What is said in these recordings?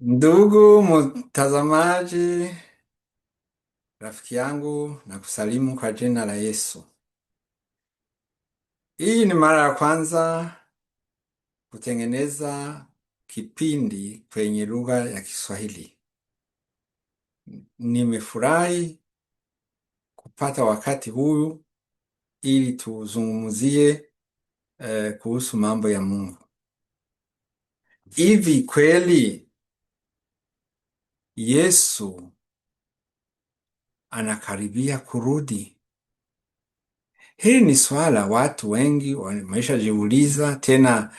Ndugu mtazamaji, rafiki yangu, nakusalimu kwa jina la Yesu. Hii ni mara ya kwanza kutengeneza kipindi kwenye lugha ya Kiswahili. Nimefurahi kupata wakati huu ili tuzungumzie eh, kuhusu mambo ya Mungu. Hivi kweli Yesu anakaribia kurudi. Hili ni swala watu wengi wameshajiuliza, tena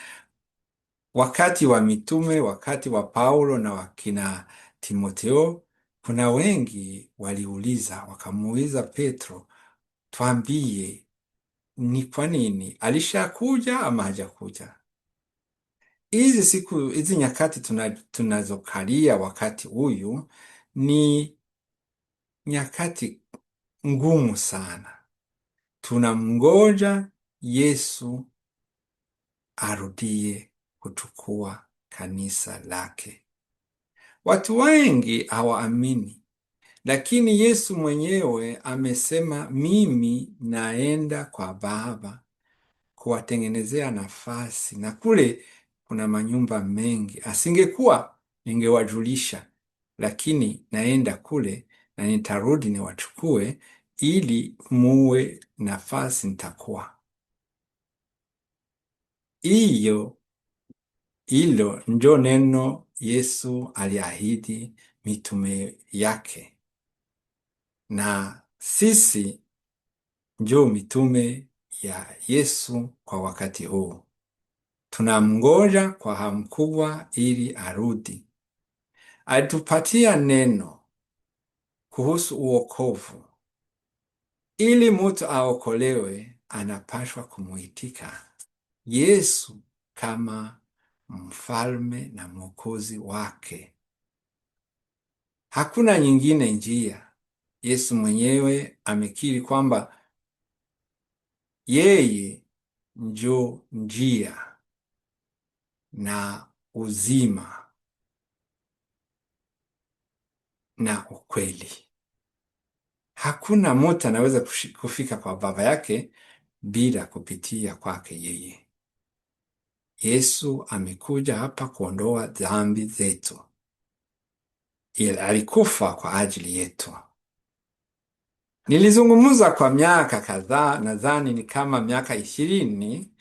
wakati wa mitume, wakati wa Paulo na wakina timoteo kuna wengi waliuliza, wakamuuliza Petro, twambie, ni kwa nini alishakuja ama hajakuja? hizi siku hizi nyakati tunazokalia wakati huyu ni nyakati ngumu sana. Tunamngoja Yesu arudie kuchukua kanisa lake. Watu wengi hawaamini, lakini Yesu mwenyewe amesema, mimi naenda kwa Baba kuwatengenezea nafasi na kule kuna manyumba mengi. Asingekuwa ningewajulisha, lakini naenda kule na nitarudi niwachukue, ili muwe nafasi nitakuwa hiyo. Hilo njo neno Yesu aliahidi mitume yake, na sisi njo mitume ya Yesu kwa wakati huu. Tunamngoja kwa hamu kubwa ili arudi. Alitupatia neno kuhusu uokovu. Ili mtu aokolewe, anapashwa kumwitika Yesu kama mfalme na mwokozi wake. Hakuna nyingine njia. Yesu mwenyewe amekiri kwamba yeye njo njia na uzima na ukweli. Hakuna mtu anaweza kufika kwa Baba yake bila kupitia kwake yeye. Yesu amekuja hapa kuondoa dhambi zetu. Alikufa kwa ajili yetu. Nilizungumza kwa miaka kadhaa, nadhani ni kama miaka ishirini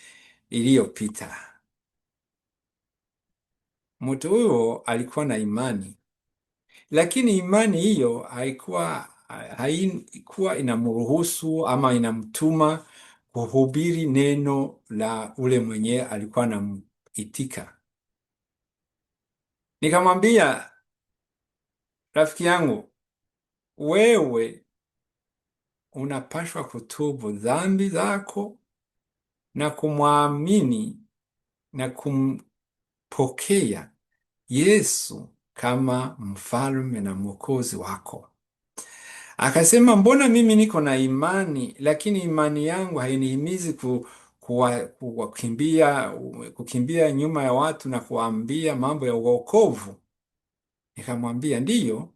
iliyopita Mtu huyo alikuwa na imani, lakini imani hiyo haikuwa haikuwa inamruhusu ama inamtuma kuhubiri neno la ule mwenyewe alikuwa anamuitika. Nikamwambia rafiki yangu, wewe unapashwa kutubu dhambi zako na kumwamini na kum, pokea Yesu kama mfalme na mwokozi wako. Akasema, mbona mimi niko na imani lakini imani yangu hainihimizi ku, kuwa, kukimbia nyuma ya watu na kuwaambia mambo ya uokovu. Nikamwambia ndiyo,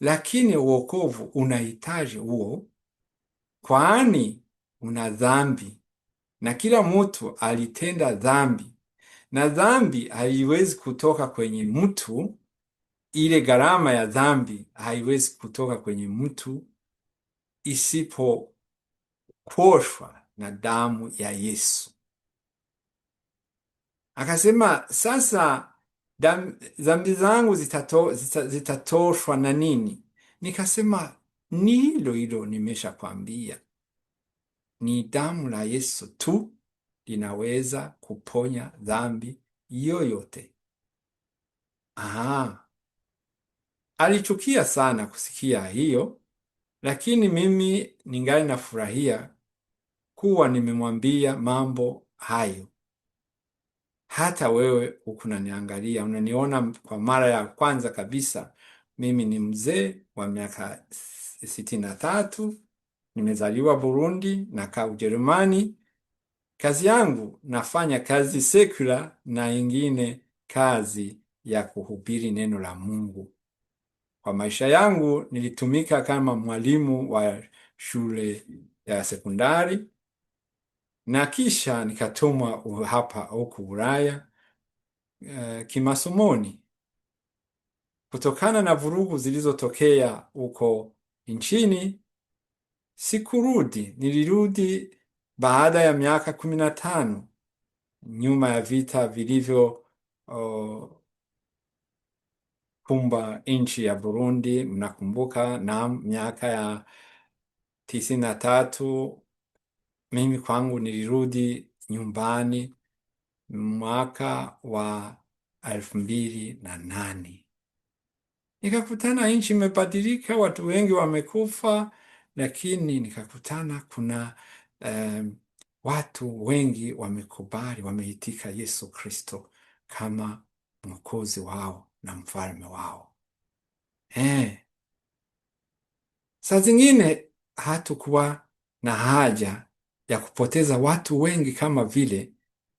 lakini uokovu unahitaji huo, kwani una dhambi na kila mtu alitenda dhambi na dhambi haiwezi kutoka kwenye mtu, ile gharama ya dhambi haiwezi kutoka kwenye mtu isipokuoshwa na damu ya Yesu. Akasema sasa, dhambi zangu zitatoshwa na nini? Nikasema ni hilo hilo kwambia, ni damu la Yesu tu linaweza kuponya dhambi yoyote. Aha. Alichukia sana kusikia hiyo, lakini mimi ningali nafurahia kuwa nimemwambia mambo hayo. Hata wewe ukunaniangalia, unaniona kwa mara ya kwanza kabisa. Mimi ni mzee wa miaka sitini na tatu, nimezaliwa Burundi, nakaa Ujerumani Kazi yangu nafanya kazi sekula na ingine kazi ya kuhubiri neno la Mungu. Kwa maisha yangu nilitumika kama mwalimu wa shule ya sekondari na kisha nikatumwa hapa huku Ulaya e, kimasomoni kutokana na vurugu zilizotokea huko nchini. Sikurudi, nilirudi baada ya miaka kumi na tano nyuma ya vita vilivyo kumba nchi ya Burundi. Mnakumbuka na miaka ya tisini na tatu mimi kwangu nilirudi nyumbani mwaka wa elfu mbili na nane nikakutana nchi imebadilika, watu wengi wamekufa, lakini nikakutana kuna um, watu wengi wamekubali, wameitika Yesu Kristo kama mwokozi wao na mfalme wao. Eh, saa zingine hatukuwa na haja ya kupoteza watu wengi kama vile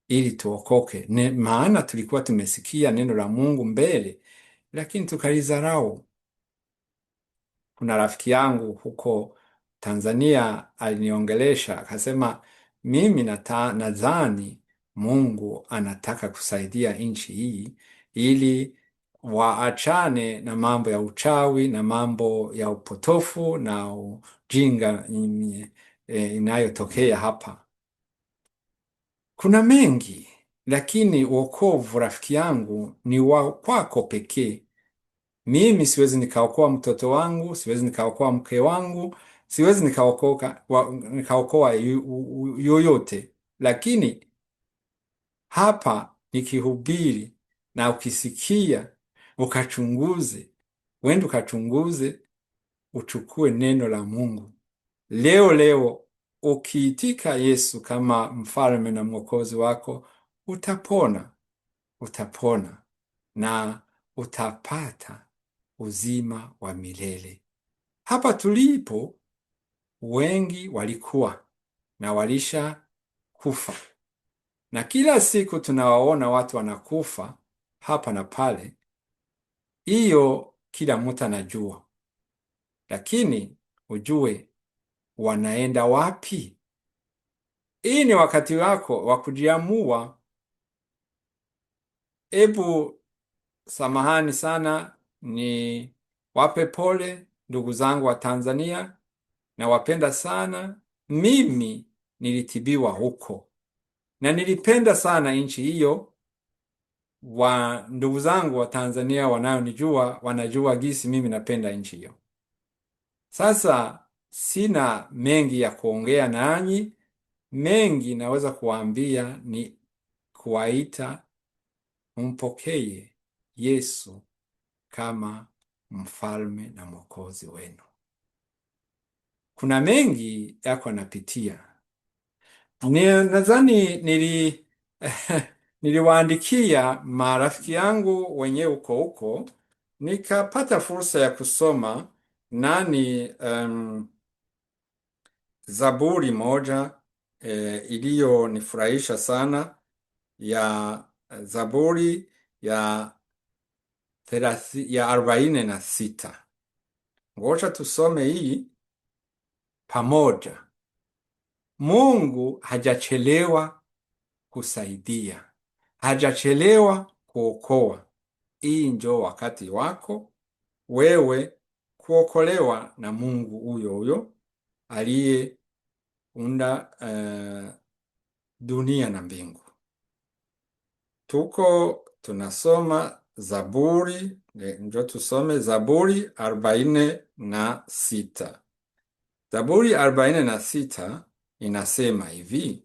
ili tuokoke ne, maana tulikuwa tumesikia neno la Mungu mbele, lakini tukalizarau. Kuna rafiki yangu huko Tanzania aliniongelesha akasema, mimi nata, nadhani Mungu anataka kusaidia nchi hii ili waachane na mambo ya uchawi na mambo ya upotofu na ujinga e, inayotokea hapa. Kuna mengi, lakini wokovu, rafiki yangu, ni wa kwako pekee. Mimi siwezi nikaokoa mtoto wangu, siwezi nikaokoa mke wangu, siwezi nikaokoka nikaokoa yoyote, lakini hapa nikihubiri na ukisikia ukachunguze, wende ukachunguze, uchukue neno la Mungu leo leo. Ukiitika Yesu kama mfalme na mwokozi wako, utapona, utapona na utapata uzima wa milele. Hapa tulipo wengi walikuwa na walisha kufa, na kila siku tunawaona watu wanakufa hapa na pale. Hiyo kila mtu anajua, lakini ujue wanaenda wapi? Hii ni wakati wako wa kujiamua. Ebu samahani sana, ni wape pole ndugu zangu wa Tanzania nawapenda sana. Mimi nilitibiwa huko na nilipenda sana nchi hiyo. Wa ndugu zangu wa Tanzania wanayonijua wanajua gisi mimi napenda nchi hiyo. Sasa sina mengi ya kuongea nanyi, mengi naweza kuwaambia ni kuwaita mpokeye Yesu kama mfalme na mwokozi wenu kuna mengi yako anapitia. Nadhani nili niliwaandikia marafiki yangu wenye uko huko, nikapata fursa ya kusoma nani um, Zaburi moja e, iliyonifurahisha sana ya e, Zaburi ya ya arobaini na sita. Ngoja tusome hii pamoja. Mungu hajachelewa kusaidia, hajachelewa kuokoa. Hii njo wakati wako wewe kuokolewa na Mungu huyo huyo aliyeunda uh, dunia na mbingu. Tuko tunasoma Zaburi, eh, njo tusome Zaburi arobaini na sita. Zaburi 46 na sita inasema hivi: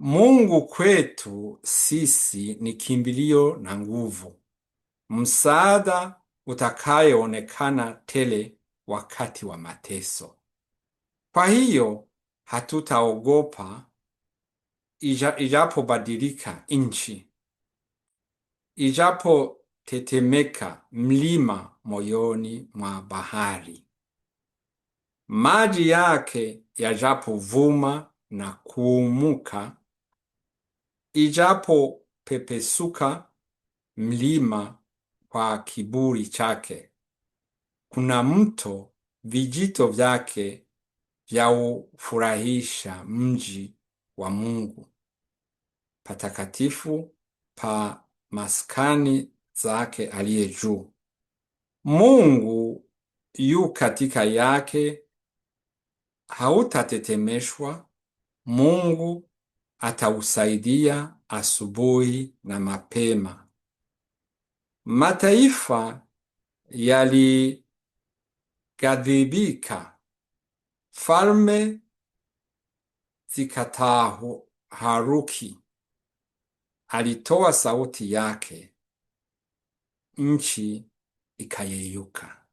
Mungu kwetu sisi ni kimbilio na nguvu, msaada utakayeonekana tele wakati wa mateso. Kwa hiyo hatutaogopa ijapobadilika nchi, ijapotetemeka mlima, moyoni mwa bahari maji yake yajapovuma na kuumuka, ijapopepesuka mlima kwa kiburi chake, kuna mto vijito vyake vyaufurahisha mji wa Mungu, patakatifu pa maskani zake aliye juu. Mungu yu katika yake hautatetemeshwa. Mungu atausaidia asubuhi na mapema. Mataifa yaligadhibika falme zikataharuki. Alitoa sauti yake, nchi ikayeyuka.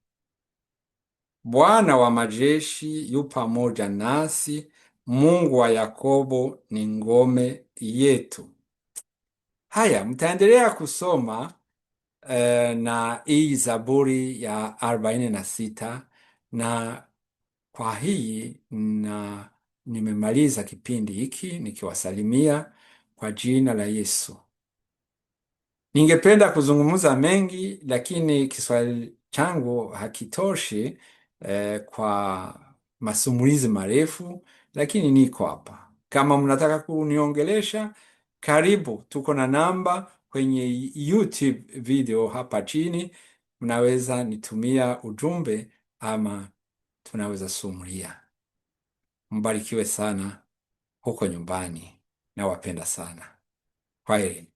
Bwana wa majeshi yu pamoja nasi, Mungu wa Yakobo ni ngome yetu. Haya, mtaendelea kusoma eh, na hii Zaburi ya arobaini na sita na kwa hii na nimemaliza kipindi hiki nikiwasalimia kwa jina la Yesu. Ningependa kuzungumza mengi, lakini Kiswahili changu hakitoshi eh, kwa masumulizi marefu, lakini niko hapa kama mnataka kuniongelesha, karibu. Tuko na namba kwenye YouTube video hapa chini, mnaweza nitumia ujumbe ama tunaweza sumulia. Mbarikiwe sana huko nyumbani, nawapenda sana. Kwaheri.